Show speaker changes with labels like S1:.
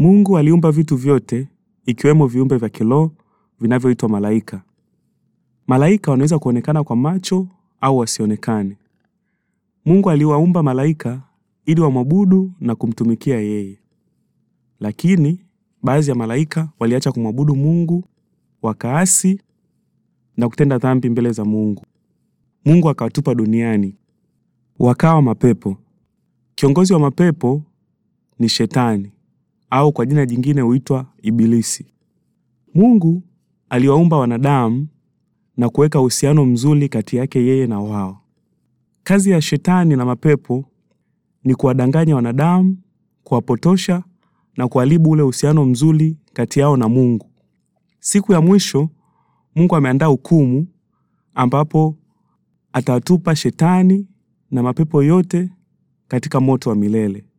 S1: Mungu aliumba vitu vyote ikiwemo viumbe vya kiloo vinavyoitwa malaika. Malaika wanaweza kuonekana kwa macho au wasionekane. Mungu aliwaumba malaika ili wamwabudu na kumtumikia yeye, lakini baadhi ya malaika waliacha kumwabudu Mungu, wakaasi na kutenda dhambi mbele za Mungu. Mungu akawatupa duniani, wakawa mapepo. Kiongozi wa mapepo ni Shetani au kwa jina jingine huitwa Ibilisi. Mungu aliwaumba wanadamu na kuweka uhusiano mzuri kati yake yeye na wao. Kazi ya shetani na mapepo ni kuwadanganya wanadamu, kuwapotosha na kuharibu ule uhusiano mzuri kati yao na Mungu. Siku ya mwisho Mungu ameandaa hukumu ambapo atawatupa shetani na mapepo yote katika moto wa milele.